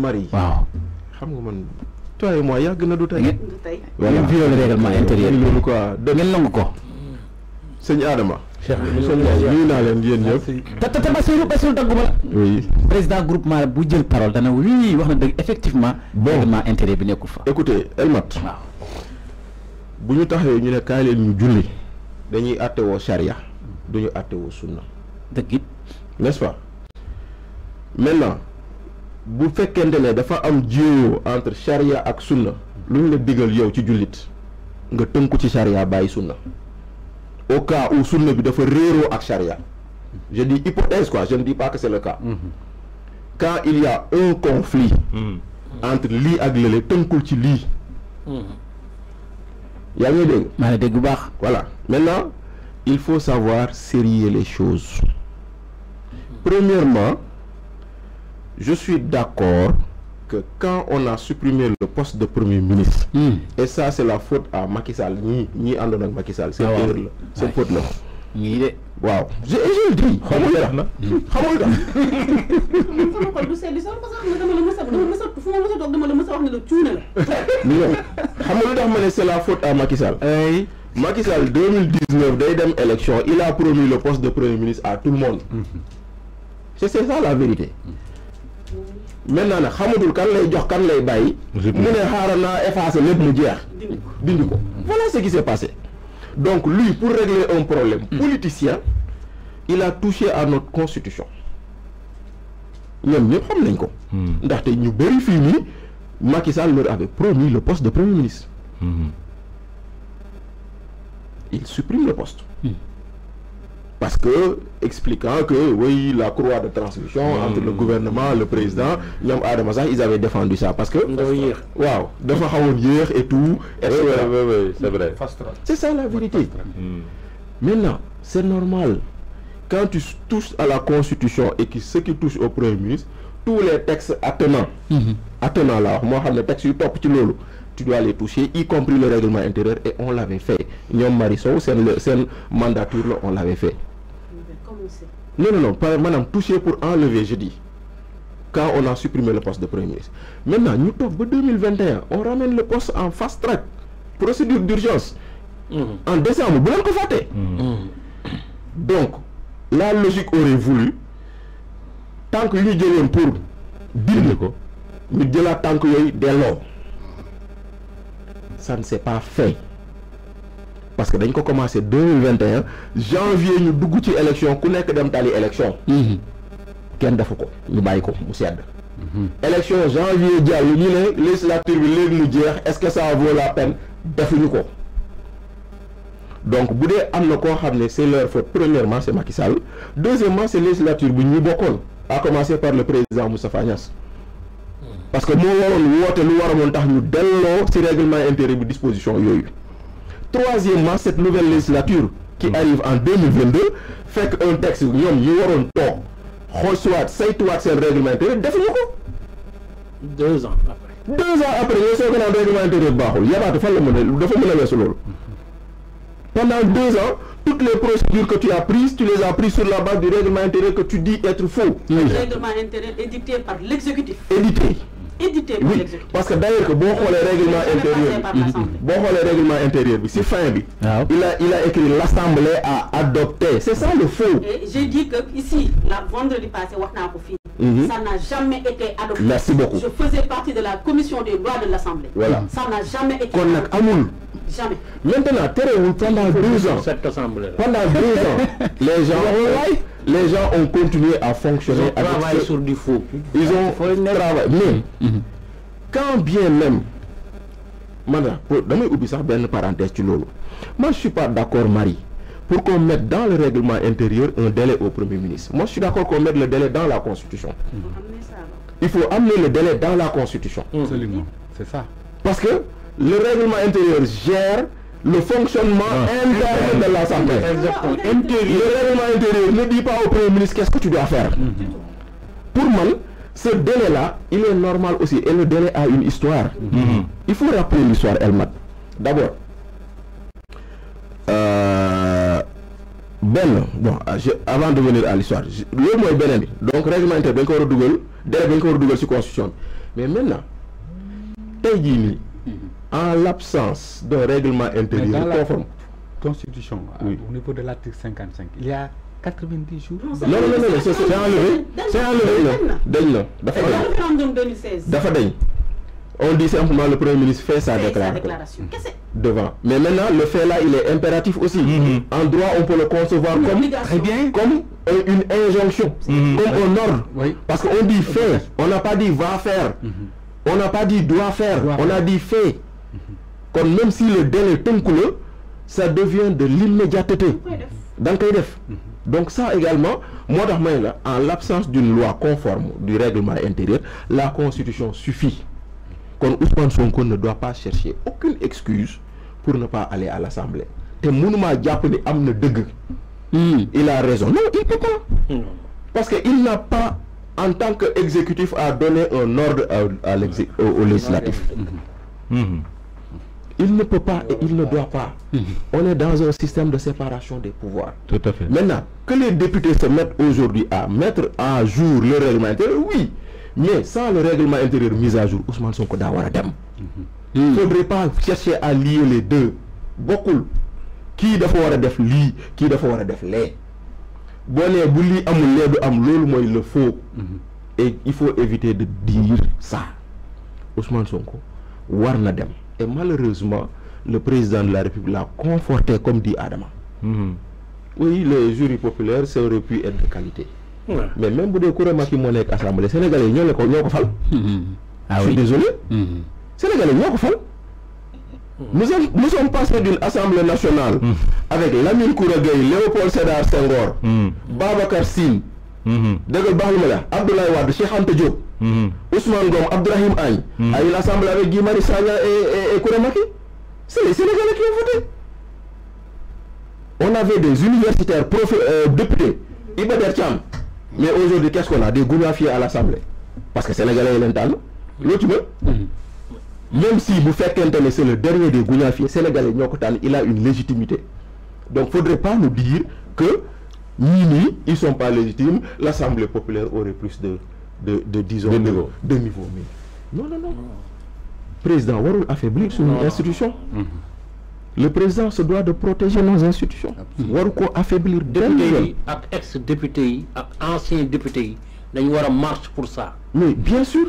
Marie waaw xam nga man toi et moi yàgg na du tey. ngeen violé règlement intérieur loolu quoi ngeen nangu ko. sëñ Adama. Cheikh nuyu naa leen yéen dagguma la. président groupement bu jël parole dana oui wax na dëgg effectivement. boo règlement intérieur bi nekkul fa. écoutez Elmat. bu ñu taxawee ñu ne kaay leen ñu julli. dañuy àttewoo charia du ñu àttewoo sunna. dëgg it. n'est-ce bu fekkente ne dafa am jiw entre charia ak sunna luñ la digal yow ci jullit nga tënku ci charia bàyyi sunna au cas où sunna bi dafa réeroo ak charia je dis hypothèse quoi je ne dis pas que c'est le cas mhm. quand il y a un conflit mhm. entre lii ak lële tënkul ci lii mhm. yaa ngi dégg maa ngi dégg voilà maintenant il faut savoir sérier les choses premièrement je suis d'accord que quand on a supprimé le poste de premier ministre, hmm. et ça c'est la faute à Macky Sall, ni, ni Andon Macky Sall, c'est ah c'est faute là. Wow. je, je dis, hmm. c'est la faute à Macky Sall. Macky Sall 2019 day élection, il a promis le poste de premier ministre à tout le monde. Hmm. C'est ça la vérité maintenant nag xamatul kan lay jox kan lay bàyyi. mu ne effacer voilà ce qui s'est passé. donc lui pour régler un problème hmm. politicien il a touché à notre constitution. ñoom xam nañ ko. Hmm. tay ñu Macky Sall leur avait promis le poste de premier ministre. Hmm. il supprime le poste parce que expliquant que oui la croix de transmission hmm. entre le gouvernement le président ils avaient défendu ça parce que Waouh, dafa hier et tout oui, c'est vrai c'est ça la vérité hmm. maintenant c'est normal quand tu touches à la constitution et que ce qui touche au premier ministre tous les textes attenants hmm. attenants là, moi, le textes yu tu dois les toucher, y compris le règlement intérieur, et on l'avait fait. Nyom Marisol, c'est le mandature, on l'avait fait non non non par Madame touché pour enlever jeudi dis quand on a supprimé le poste de premier ministre maintenant nous sommes en 2021 on ramène le poste en fast track procédure d'urgence mm-hmm. en décembre vous voulez pas donc la logique aurait voulu tant que lui est pour dire ko tant que tant que lors, ça ne s'est pas fait parce que dañ ko commencé 2021, janvier ñu dugg ci élection ku nekk dem tali élection. Mhm. kenn defu ko ñu bàyyi ko mu mhm. élection janvier jàll ñu ne législature bi léegi mu est-ce que ça vaut la peine defuñu ko donc bu dee am na koo xam c'est leur faute premièrement c'est Macky Sall deuxièmement c'est législature bu ñu bokkoon à commencer par le président Moussa Fagnas. Mhm. parce que nous, waroon woote lu waroon tax ñu delloo ci règlement intérieur bi disposition yooyu troisièmement cette nouvelle législature qui mm. arrive en 2022 fait un texte il yi temps, un temps, tu saytuwaat seen règlement intérieur defuñu quoi deux ans après. deux ans après il y a un règlement intérieur baaxul yabaatu fan la le a il y a mm-hmm. pendant deux ans toutes les procédures que tu as prises tu les as prises sur la base du règlement intérêt que tu dis être faux. le règlement intérêt édité par l'exécutif. édité parce que d'ailleurs que bon les mm-hmm. règlement intérieur bon boo règlement intérieur fin il a il a écrit l'assemblée a adopté c'est ça le faux. j'ai dit que ici la vendredi passé mm-hmm. ça n'a jamais été adopté. merci beaucoup je faisais partie de la commission des lois de l'assemblée. ça n'a jamais été. adopté amul. jamais maintenant pendant deux ans. cette assemblée pendant deux ans les gens les gens ont continué à fonctionner. Ils ont travaillé sur du faux. Ils ont travaillé. Mais, mhm. quand bien même, madame, pour... une parenthèse, moi je suis pas d'accord, Marie, pour qu'on mette dans le règlement intérieur un délai au Premier ministre. Moi je suis d'accord qu'on mette le délai dans la Constitution. Il faut amener le délai dans la Constitution. Absolument, c'est ça. Parce que le règlement intérieur gère le fonctionnement interne de l'Assemblée. Le règlement intérieur ne dit pas au Premier ministre qu'est-ce que tu dois faire. Mm-hmm. Pour moi, ce délai-là, il est normal aussi. Et le délai a une histoire. Mm-hmm. Il faut rappeler l'histoire elle D'abord, euh, Ben, bon, ah, avant de venir à l'histoire, le mot est Ben, donc règlement intérieur, Ben Koro Dougal, délai Ben Koro Dougal, c'est constitution. Mais maintenant, Taïgini, en l'absence d'un règlement intérieur conforme. La constitution, hein, au niveau de l'article 55, il y a 90 jours. Non, non, non, non c'est enlevé. C'est enlevé. lieu. On dit simplement le Premier ministre fait sa déclaration. Devant. Mais maintenant, le fait là, il est impératif aussi. Mm-hmm. En droit, on peut le concevoir comme, une injonction, mm-hmm. comme un ordre. Parce qu'on dit fait, on n'a pas dit va faire. Mm-hmm. On n'a pas dit doit faire, on a dit fait même si le délai est ça devient de l'immédiateté Dans mhm. donc ça également moi en l'absence d'une loi conforme du règlement intérieur la constitution suffit qu'on ne doit pas chercher aucune excuse pour ne pas aller à l'assemblée hmm. il a raison non il peut pas hmm. parce qu'il n'a pas en tant qu'exécutif exécutif à donner un ordre à, à au, législatif hmm. Il ne peut pas et il ne doit pas. Mhm. On est dans un système de séparation des pouvoirs. Tout à fait. Maintenant, que les députés se mettent aujourd'hui à mettre à jour le règlement intérieur, oui. Mais sans le règlement intérieur mis à jour, Ousmane Sonko d'Awaradem. Mhm. Il ne hmm. faudrait pas chercher à lier les deux. Beaucoup. Qui doit faire def li, qui doit faire def les. Bonne bouli amul lebu am le faut mhm. Et il faut éviter de dire ça. Ousmane Sonko Warnadem. Et malheureusement, le président de la République l'a conforté, comme dit Adama. Mhm. Oui, le jury populaire, ça aurait pu être de qualité. Mais même pour des courants qui m'ont assemblés, les Sénégalais, ils sont pas fait. Je suis désolé. Les mhm. Sénégalais, ils n'ont pas fait. Nous, sommes passés d'une assemblée nationale mhm. avec Lamine Kouragay, Léopold Sédar Senghor, Baba Babacar Mhm. déggal baax li ma la Abdoulaye Wade Cheikh Anta Diop. Mhm. Ousmane gom Abdourahim Agne. Mhm. ay l'assemblée avec Guy Marius et kouremaki c'est les Sénégalais qui ont voté. on avait des universitaires des euh, députés Iba Dercham mais aujourd'hui qu'est-ce qu'on a des goulafiers à l'assemblée parce que sénégalais est leen tànn loo même si vous faites qu'un c'est le dernier des goulafiers sénégalais il a une légitimité donc faudrait pas nous dire que Mini, ils ne sont pas légitimes, l'Assemblée populaire aurait plus de, de, de disons, de, niveau. Mais non, non, non. Le président Warul affaiblir son institution. Mhm. Le président se doit de protéger nos institutions. Warul quoi affaiblir député ak ex-député ancien député dañu wara marche pour ça. Mais bien sûr.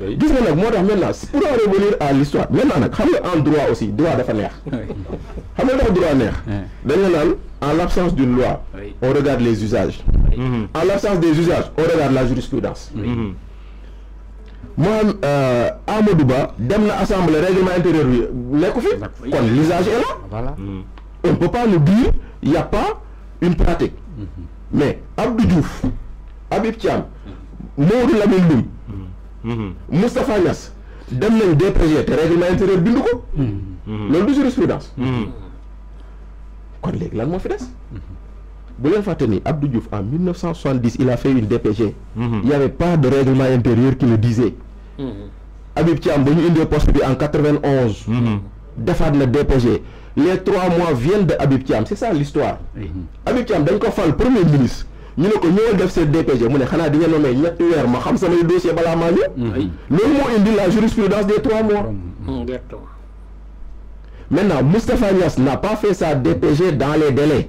Mhm. pour revenir à l'histoire maintenant nag xam nga un droit aussi droit dafa neex. Xam nga droit de en l'absence d'une loi on regarde les usages. Mhm. En l'absence des usages, on regarde la jurisprudence. Mhm. Moi, -hmm. Euh, moom Amadou assemblée règlement intérieur bi l'usage est là On on peut pas nous dire n'y a pas une pratique mhm. mais Abdou Diouf Habib Thiam Maodo Lamine Mustafa Moustapha Niass dem deux projets le règlement intérieur bindu ko de jurisprudence Quand les lan moo fi vous Abdou Diouf en 1970 il a fait une DPG. Mhm. il n'y avait pas de règlement intérieur qui le disait. Mhm. Habib Thiam il une poste en 91. Défendre le DPG les trois mois viennent de Habib Thiam ça l'histoire mhm. Habib Thiam le ko le premier ministre ñu ne fait une DPG il a fait une DPG nommé a fait ma xam dossier fait une DPG. il la jurisprudence des trois mois. maintenant Moustapha Niass n'a pas fait sa DPG dans les délais.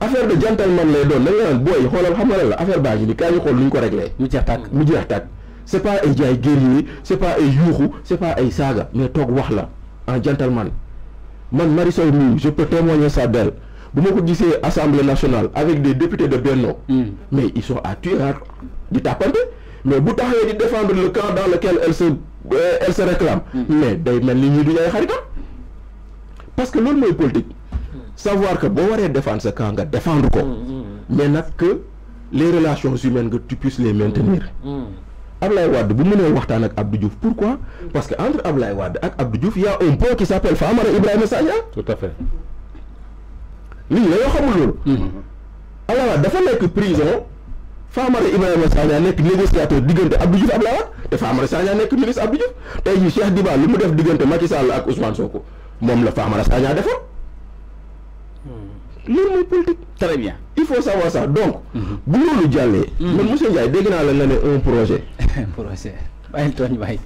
affaire de gentleman lay doon da nga boy booy xam nga lan la affaire baa ngi ni kaay xol xool ko régler mu jeex tàkk mu jeex tàkk pas ay jaay guerrier C'est pas ay yuuxu C'est pas ay saga. mais tok wax la en gentleman man Marisol ni je peux témoigner ça belle. bu ma ko assemblée nationale avec des députés de Benno hmm. mais ils sont à tuer di tàppante mais bu taxé di défendre le camp dans lequel elle se euh, elle se réclame hmm. mais day mel ni ñii du ay xaritam parce que loolu moy politique savoir que boo waree défendre sa camp défendre ko. Mm, mm, mm. mais nag que les relations humaines que tu puisses les maintenir. Ablaye Wade bu mënee waxtaan ak Abdou Diouf pourquoi parce que entre Ablaye Wade ak Abdou Diouf y a un pont qui s'appelle Famara Ibrahima Sanya. tout à fait. nit ñi dañoo xamul loolu. Ablaye Wade dafa nekk prison Famara Ibrahima Sagna nekk négociateur diggante Abdou Diouf Ablaye Wad. Et Famara Sagna nekk ministre Abdou Diouf tey jii Cheikh Diba lu mu def diggante Macky Sall ak Ousmane Sonko moom la Famara Sanya, defoon. loolu mooy politique. très bien il faut savoir ça donc. Mhm. bu loolu jàllee. Mhm. man monsieur Ndiaye dégg naa la nga ne un projet. projet bàyyi tooñ bàyyi.